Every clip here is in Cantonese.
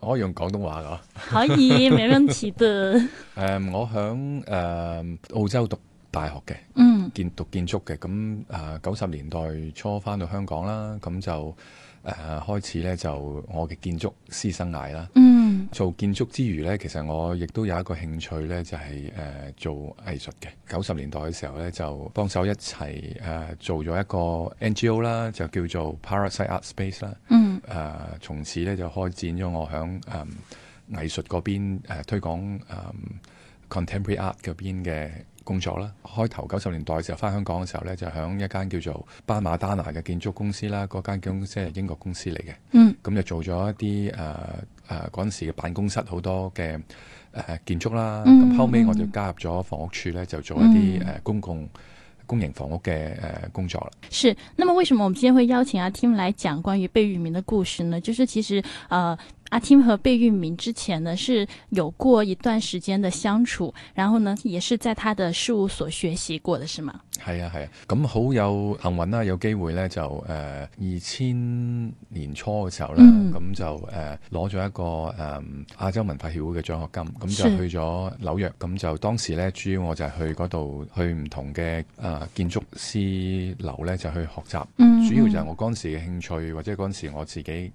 可以用廣東話㗎，可以冇問題的、嗯。誒，我喺誒、呃、澳洲讀大學嘅，嗯，建讀建築嘅，咁誒九十年代初返到香港啦，咁就誒、呃、開始咧就我嘅建築師生涯啦，嗯。做建築之餘咧，其實我亦都有一個興趣咧，就係、是呃、做藝術嘅。九十年代嘅時候咧，就幫手一齊、呃、做咗一個 NGO 啦，就叫做 Parasite Art Space 啦。嗯。呃、從此咧就開展咗我響誒、嗯、藝術嗰邊、呃、推廣、嗯、Contemporary Art 嗰邊嘅工作啦，開頭九十年代的時候翻香港嘅時候咧，就喺一間叫做巴馬丹拿嘅建築公司啦，嗰間公司係英國公司嚟嘅。嗯，咁、嗯、就、嗯、做咗一啲誒誒嗰陣時嘅辦公室好多嘅誒、呃、建築啦。咁、嗯嗯、後尾我就加入咗房屋處咧，就做一啲誒、嗯呃、公共公營房屋嘅誒、呃、工作啦。是，那麼為什麼我們今天會邀請阿、啊、Tim 來講關於貝聿銘嘅故事呢？就是其實誒。呃阿、啊、添和貝聿銘之前呢，是有過一段時間的相處，然後呢，也是在他的事務所學習過的是嗎？係啊係啊，咁好、啊、有幸運啦，有機會呢，就誒二千年初嘅時候呢，咁、嗯、就誒攞咗一個誒、呃、亞洲文化協會嘅獎學金，咁就去咗紐約，咁就當時呢，主要我就係去嗰度去唔同嘅誒、呃、建築師樓呢，就去學習，嗯嗯主要就係我嗰陣時嘅興趣或者嗰陣時我自己誒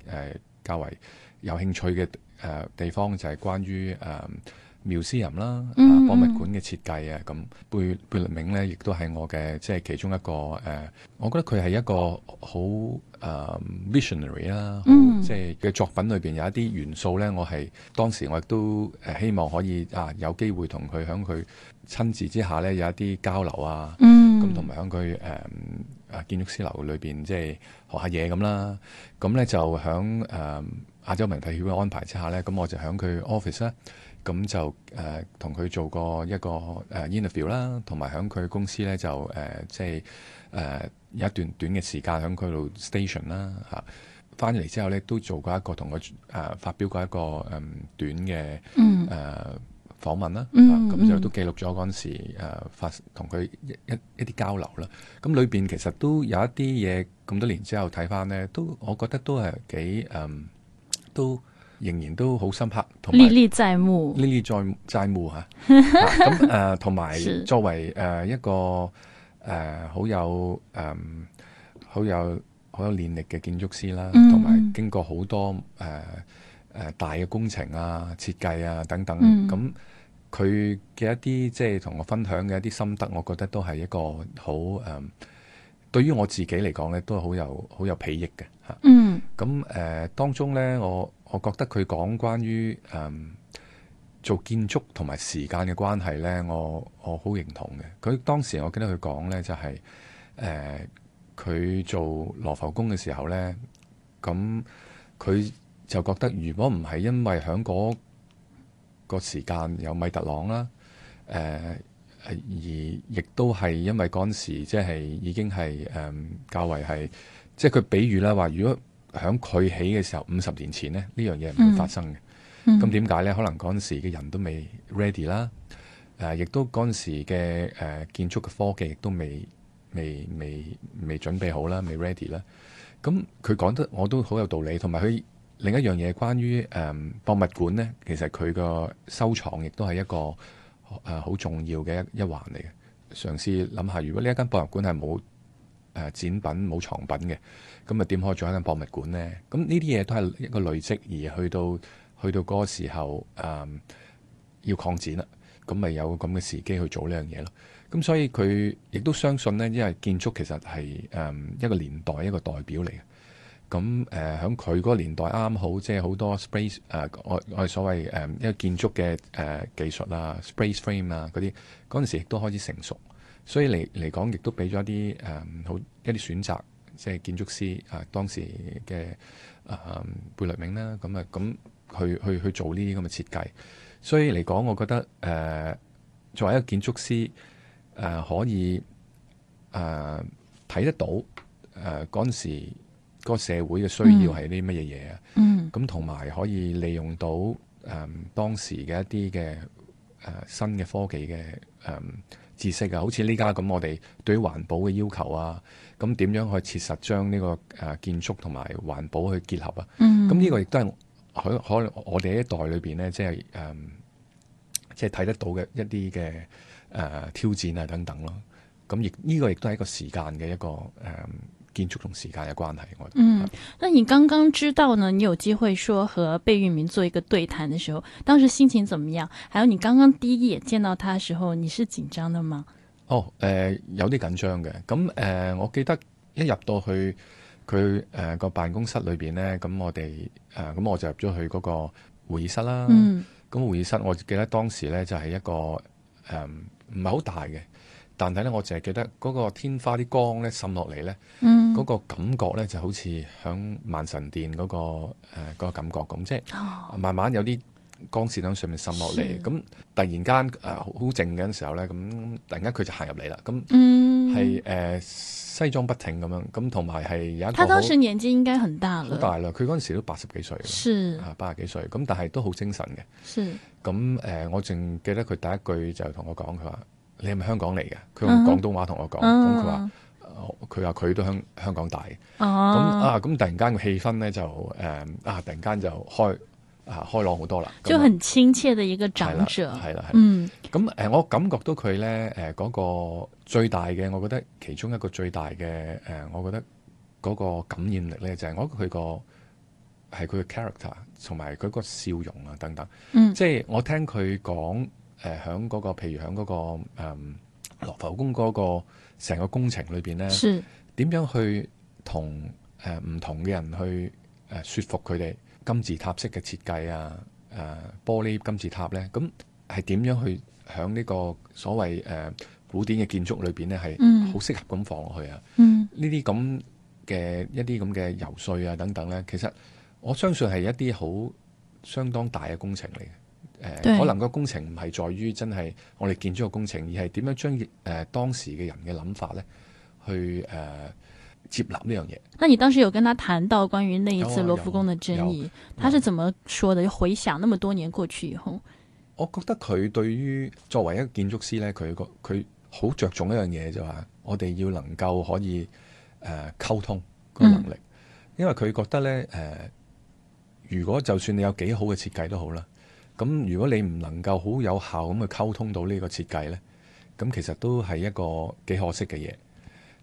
較為。呃有興趣嘅誒、呃、地方就係關於誒苗詩吟 Museum 啦，mm -hmm. 啊，博物館嘅設計啊，咁貝貝聿銘咧亦都係我嘅，即係其中一個誒、呃，我覺得佢係一個好誒、呃、visionaryVisionary 啦，即係嘅作品裏邊有一啲元素咧，我係當時我亦都誒希望可以啊有機會同佢響佢親自之下咧有一啲交流啊，咁同埋響佢誒，建築師樓裏邊，即、就、係、是、學下嘢咁啦。咁咧就喺誒、呃、亞洲文體協會安排之下咧，咁我就喺佢 office 啦。咁就誒同佢做過一個誒、呃、interview 啦，同埋喺佢公司咧就誒即係誒有一段短嘅時間喺佢度 station 啦、啊、嚇。翻嚟之後咧都做過一個同佢誒發表過一個誒、呃、短嘅誒。呃嗯訪問啦，咁、嗯啊、就都記錄咗嗰陣時誒發同佢一一一啲交流啦。咁裏邊其實都有一啲嘢，咁多年之後睇翻咧，都我覺得都係幾誒、嗯，都仍然都好深刻同埋。歷歷在目，歷歷在在目吓、啊。咁誒同埋作為誒、呃、一個誒好、呃、有誒好、呃、有好有練力嘅建築師啦，同、嗯、埋經過好多誒誒、呃呃、大嘅工程啊、設計啊等等咁。嗯嗯佢嘅一啲即係同我分享嘅一啲心得，我覺得都係一個好誒、嗯，對於我自己嚟講咧，都係好有好有裨益嘅吓。嗯。咁誒、呃，當中咧，我我覺得佢講關於誒、呃、做建築同埋時間嘅關係咧，我我好認同嘅。佢當時我記得佢講咧，就係誒佢做羅浮宮嘅時候咧，咁佢就覺得如果唔係因為響嗰個時間有米特朗啦，誒、呃，而亦都係因為嗰陣時即係已經係誒、嗯、較為係，即係佢比喻啦話，如果響佢起嘅時候五十年前呢，呢樣嘢唔會發生嘅，咁點解咧？可能嗰陣時嘅人都未 ready 啦、呃，誒，亦都嗰陣時嘅誒建築嘅科技亦都未未未未準備好啦，未 ready 啦，咁佢講得我都好有道理，同埋佢。另一樣嘢，關於誒、嗯、博物館呢，其實佢個收藏亦都係一個誒好、呃、重要嘅一一環嚟嘅。嘗試諗下，如果呢一間博物館係冇誒展品、冇藏品嘅，咁咪點可以做一間博物館呢？咁呢啲嘢都係一個累積，而去到去到嗰個時候誒、呃、要擴展啦，咁咪有咁嘅時機去做呢樣嘢咯。咁所以佢亦都相信呢，因為建築其實係誒、呃、一個年代一個代表嚟嘅。咁誒，喺佢嗰個年代啱啱好，即係好多 space 誒、呃，我我所謂誒，因、呃、為建築嘅誒技術啦、啊、，space frame 啊嗰啲陣時亦都開始成熟，所以嚟嚟講，亦都俾咗一啲誒好一啲選擇，即、就、係、是、建築師，啊、呃，當時嘅誒、呃、貝聿銘啦，咁、呃、啊，咁去去去做呢啲咁嘅設計，所以嚟講我覺得誒、呃、作為一個建築師誒、呃，可以誒睇、呃、得到誒陣、呃、時。個社會嘅需要係啲乜嘢嘢啊？咁同埋可以利用到誒、嗯、當時嘅一啲嘅誒新嘅科技嘅誒、呃、知識啊，好似呢家咁，我哋對於環保嘅要求啊，咁點樣去切實將呢、呢個誒、呃、建築同埋環保去結合啊？咁、嗯、呢個亦都係可可能我哋一代裏邊咧，即係誒，即係睇得到嘅一啲嘅誒挑戰啊等等咯。咁亦呢個亦都係一個時間嘅一個誒。呃建築同時間嘅關係，我覺得。嗯，那你剛剛知道呢？你有機會說和貝聿銘做一個對談的時候，當時心情怎麼樣？還有你剛剛第一眼見到他的時候，你是緊張的嗎？哦，呃，有啲緊張嘅。咁、嗯呃、我記得一入到去佢誒個辦公室裏邊呢，咁我哋誒咁我就入咗去嗰個會議室啦。嗯，咁會議室我記得當時呢，就係一個唔係好大嘅。但係咧，我淨係記得嗰個天花啲光咧滲落嚟咧，嗰、嗯那個感覺咧就好似響萬神殿嗰、那個誒、呃那個、感覺咁，即係、哦、慢慢有啲光線喺上面滲落嚟。咁突然間誒好靜嘅時候咧，咁突然間佢就行入嚟啦。咁係誒西裝筆挺咁樣，咁同埋係有一個。他當時年紀應該很大了。好大啦！佢嗰陣時都八十幾歲，八十幾歲，咁、啊、但係都好精神嘅。咁誒、呃，我仲記得佢第一句就同我講，佢話。你係咪香港嚟嘅，佢用廣東話同我講，咁佢話，佢話佢都香香港大，咁、uh -huh. 啊咁突然間個氣氛咧就誒、嗯、啊突然間就開啊開朗好多啦，就很親切嘅一個長者，係、嗯、啦，啦，啦，嗯，咁誒、呃、我感覺到佢咧誒嗰個最大嘅，我覺得其中一個最大嘅誒、呃，我覺得嗰個感染力咧就係我覺得佢個係佢嘅 character，同埋佢個笑容啊等等，嗯、即係我聽佢講。誒、呃，喺嗰個，譬如喺嗰個，誒，羅浮宮嗰個成個工程裏邊咧，點樣去同誒唔同嘅人去誒說服佢哋金字塔式嘅設計啊，誒，玻璃金字塔咧，咁係點樣去喺呢個所謂誒古典嘅建築裏邊咧，係好適合咁放落去啊？嗯，呢啲咁嘅一啲咁嘅遊說啊等等咧，其實我相信係一啲好相當大嘅工程嚟嘅。誒、呃，可能個工程唔係在於真係我哋建築嘅工程，而係點樣將誒、呃、當時嘅人嘅諗法咧，去誒、呃、接納呢樣嘢。那你當時有跟他談到關於那一次羅浮宮嘅爭議，他是怎麼說的？回想那麼多年過去以後，我覺得佢對於作為一個建築師咧，佢佢好着重一樣嘢就話，我哋要能夠可以誒、呃、溝通個能力，嗯、因為佢覺得咧誒、呃，如果就算你有幾好嘅設計都好啦。咁如果你唔能夠好有效咁去溝通到呢個設計咧，咁其實都係一個幾可惜嘅嘢。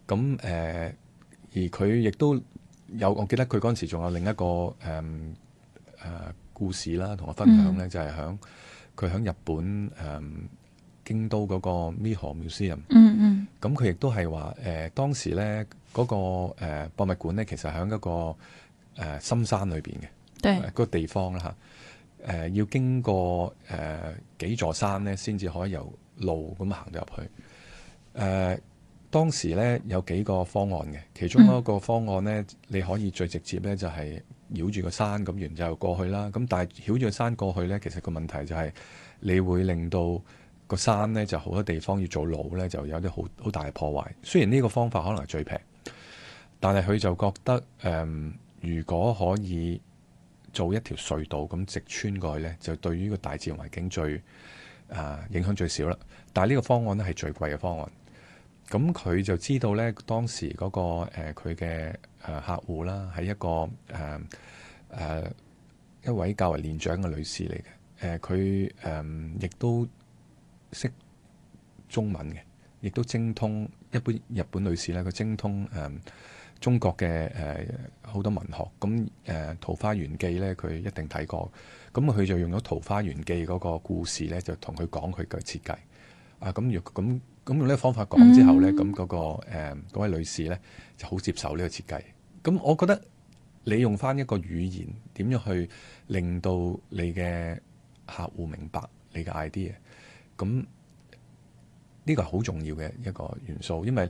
咁誒、呃，而佢亦都有，我記得佢嗰陣時仲有另一個誒誒、嗯呃、故事啦，同我分享咧、嗯，就係喺佢喺日本誒、嗯、京都嗰個 Miho Museum。嗯嗯。咁佢亦都係話誒，當時咧嗰、那個、呃、博物館咧，其實喺一個誒、呃、深山裏邊嘅，那個地方啦嚇。啊呃、要經過誒、呃、幾座山咧，先至可以由路咁行入去。誒、呃、當時咧有幾個方案嘅，其中一個方案咧、嗯，你可以最直接咧就係、是、繞住個山咁然就過去啦。咁但係繞住個山過去咧，其實個問題就係你會令到個山咧就好多地方要做路咧，就有啲好好大嘅破壞。雖然呢個方法可能係最平，但係佢就覺得、呃、如果可以。做一條隧道咁直穿過去呢，就對於個大自然環境最、啊、影響最少啦。但係呢個方案呢，係最貴嘅方案。咁佢就知道呢，當時嗰、嗰個佢嘅、呃、客戶啦，係一個誒、呃呃、一位較為年長嘅女士嚟嘅。佢、呃、亦、呃、都識中文嘅，亦都精通一般日本女士呢，佢精通誒。呃中國嘅誒好多文學，咁誒、呃《桃花源記》呢，佢一定睇過。咁佢就用咗《桃花源記》嗰個故事呢，就同佢講佢嘅設計。啊，咁咁咁用呢個方法講之後呢，咁、嗯、嗰、嗰個嗰、呃、位女士呢，就好接受呢個設計。咁我覺得你用翻一個語言，點樣去令到你嘅客戶明白你嘅 idea？咁呢、呢個係好重要嘅一個元素，因為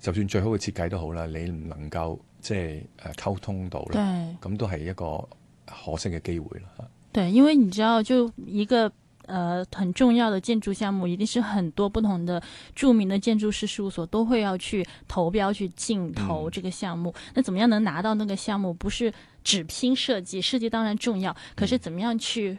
就算最好嘅設計都好啦，你唔能夠即係誒溝通到啦，咁都係一個可惜嘅機會啦對，因為你知道就一個、呃、很重要的建築項目，一定是很多不同的著名的建築師事務所都會要去投標、去競投這個項目。嗯、那怎麼樣能拿到那個項目？不是只拼設計，設計當然重要，可是怎麼樣去？嗯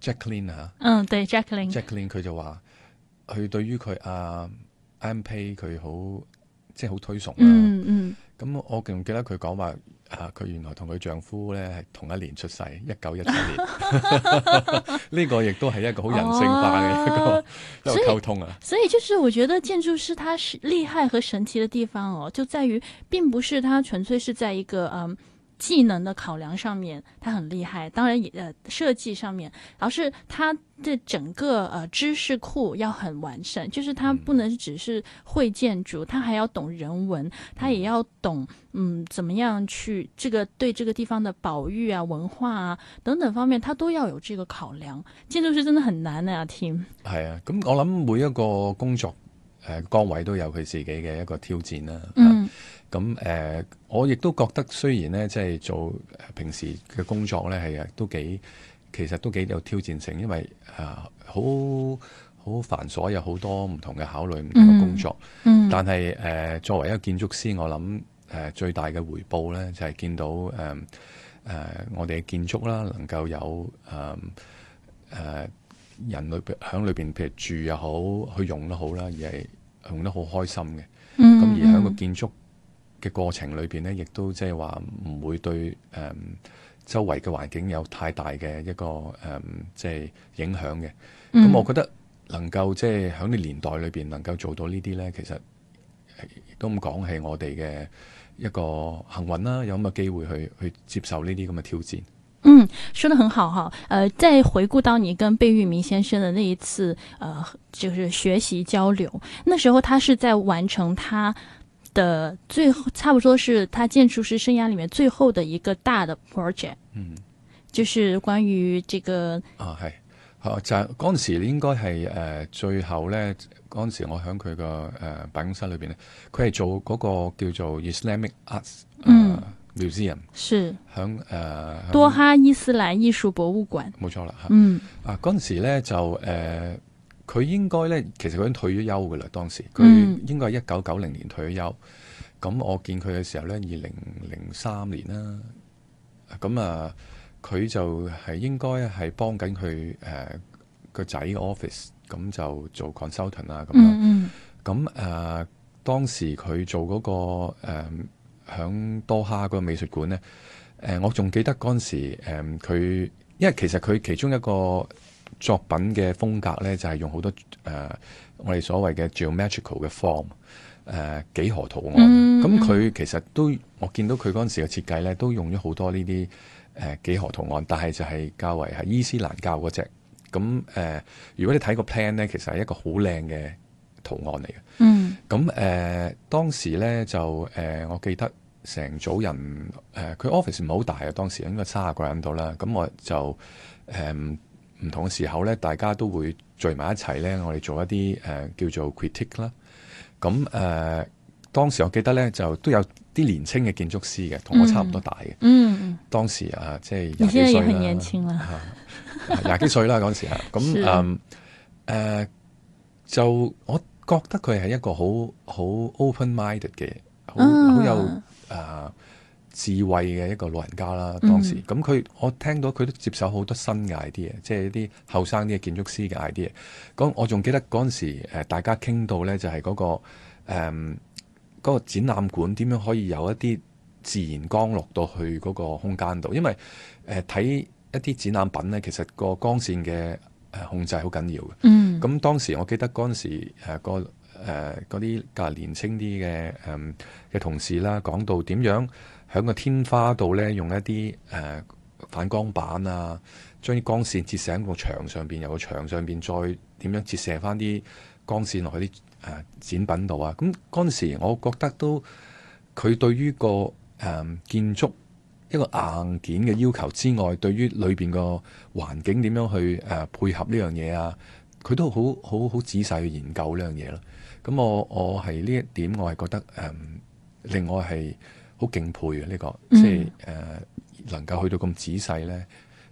j a c k l i n 啊，嗯，對 j a c k l i n j a c k l i n 佢就話佢對於佢阿 a p a y 佢好即係好推崇。嗯嗯，咁我仲記得佢講話啊，佢原來同佢丈夫咧係同一年出世，一九一四年。呢 個亦都係一個好人性化嘅一、uh, 一個溝通啊，所。所以就是我覺得建築師他是厲害和神奇的地方哦，就在於並不是他純粹是在一個嗯。Um, 技能的考量上面，他很厲害。當然，呃，設計上面，而是他的整個呃知識庫要很完善。就是他不能只是會建築，嗯、他還要懂人文，他也要懂嗯怎麼樣去這個對這個地方的保育啊、文化啊等等方面，他都要有這個考量。建築師真的很難的呀 Tim 係啊，咁、啊、我諗每一個工作誒崗、呃、位都有佢自己嘅一個挑戰啦、啊。嗯。啊咁誒、呃，我亦都覺得雖然咧，即、就、係、是、做平時嘅工作咧，係啊都幾其實都幾有挑戰性，因為啊好好繁瑣，有好多唔同嘅考慮，唔同嘅工作。嗯嗯、但係誒、呃，作為一個建築師，我諗誒、呃、最大嘅回報咧，就係、是、見到誒誒、呃呃、我哋嘅建築啦，能夠有誒誒、呃、人類喺裏邊譬如住又好，去用都好啦、嗯，而係用得好開心嘅。咁而喺個建築嘅過程裏邊呢，亦都即係話唔會對誒、嗯、周圍嘅環境有太大嘅一個誒即係影響嘅。咁、嗯、我覺得能夠即係喺呢年代裏邊能夠做到這些呢啲咧，其實都唔講係我哋嘅一個幸運啦，有咁嘅機會去去接受呢啲咁嘅挑戰。嗯，說得很好哈。誒、呃，再回顧到你跟貝聿銘先生嘅呢一次，誒、呃，就是學習交流，那時候他是在完成他。的最後差不多是，他建築師生涯裏面最後的一個大的 project，嗯，就是關於這個啊係哦、啊、就嗰陣時應該係誒、呃、最後咧，嗰陣時我喺佢個誒辦公室裏邊咧，佢係做嗰個叫做 Islamic Arts 嗯、uh, Museum 是喺誒、呃、多哈伊斯蘭藝術博物館，冇錯啦吓，嗯啊嗰陣時咧就誒。呃佢應該咧，其實佢已經退咗休㗎啦。當時佢應該係一九九零年退咗休。咁、嗯、我見佢嘅時候咧，二零零三年啦。咁啊，佢就係應該係幫緊佢個仔 office，咁就做 consultant、嗯、啊咁樣。咁當時佢做嗰、嗰個誒，響、呃、多哈嗰個美術館咧。我仲記得嗰陣時佢、呃、因為其實佢其中一個作品嘅風格咧，就係、是、用好多誒、呃、我哋所謂嘅 geometrical 嘅 form，誒、呃、幾何圖案。咁、嗯、佢其實都我見到佢嗰陣時嘅設計咧，都用咗好多呢啲誒幾何圖案，但係就係較為係伊斯蘭教嗰隻。咁誒、呃，如果你睇個 plan 咧，其實係一個好靚嘅圖案嚟嘅。嗯。咁誒、呃、當時咧就誒、呃，我記得成組人誒，佢、呃、office 唔係好大啊，當時應該卅個人度啦。咁我就誒。呃唔同嘅時候咧，大家都會聚埋一齊咧，我哋做一啲誒、呃、叫做 critic 啦。咁、嗯、誒、呃，當時我記得咧，就都有啲年輕嘅建築師嘅，同我差唔多大嘅、嗯。嗯，當時啊，即係廿幾歲啦。年輕、啊啊、啦，廿幾歲啦嗰時啊。咁嗯誒，就我覺得佢係一個好好 open minded 嘅，好、嗯、有啊。智慧嘅一個老人家啦，當時咁佢、嗯，我聽到佢都接受好多新嘅 idea，即係一啲後生啲嘅建築師嘅 idea。咁我仲記得嗰陣時、呃，大家傾到咧，就係、是、嗰、那個誒、呃嗰個、展覽館點樣可以有一啲自然光落到去嗰個空間度，因為誒睇、呃、一啲展覽品咧，其實個光線嘅誒、呃、控制好緊要嘅。嗯，咁當時我記得嗰陣時誒、呃嗰個誒嗰啲較年輕啲嘅誒嘅同事啦，講到點樣喺個天花度咧，用一啲誒、呃、反光板啊，將啲光線折射喺個牆上邊，由個牆上邊再點樣折射翻啲光線落去啲誒、呃、展品度啊！咁嗰陣時，我覺得都佢對於個誒、呃、建築一個硬件嘅要求之外，對於裏邊個環境點樣去誒、呃、配合呢樣嘢啊，佢都好好好仔細去研究呢樣嘢咯，咁我我係呢一點我係覺得誒、嗯、令我係好敬佩嘅呢、呢個，即係誒能夠去到咁仔細咧，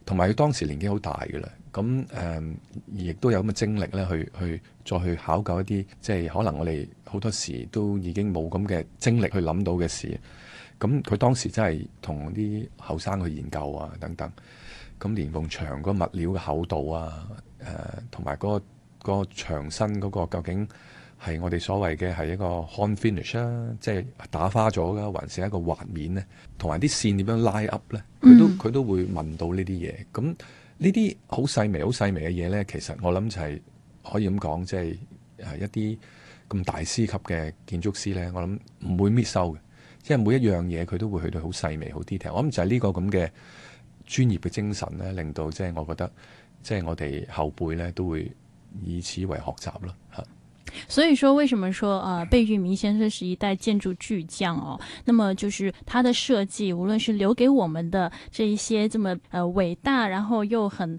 同埋佢當時年紀好大嘅啦，咁誒亦都有咁嘅精力咧去去，去再去考究一啲即係可能我哋好多時都已經冇咁嘅精力去諗到嘅事，咁佢當時真係同啲後生去研究啊等等。咁連縫牆個物料嘅厚度啊，誒同埋嗰個牆身嗰個究竟係我哋所謂嘅係一個 horn finish 啊，即係打花咗噶，還是一個滑面咧？同埋啲線點樣拉 Up 咧？佢都佢都會問到呢啲嘢。咁呢啲好細微、好細微嘅嘢咧，其實我諗就係可以咁講，即係係一啲咁大師級嘅建築師咧，我諗唔會 miss 收嘅，即係每一樣嘢佢都會去到好細微、好 detail。我諗就係呢個咁嘅。專業嘅精神呢，令到即係我覺得，即係我哋後輩呢都會以此為學習啦嚇。所以說，為什麼說啊，貝聿銘先生是一代建築巨匠哦。那麼，就是他的設計，無論是留給我們的這一些這麼，咁、呃、啊偉大，然後又很，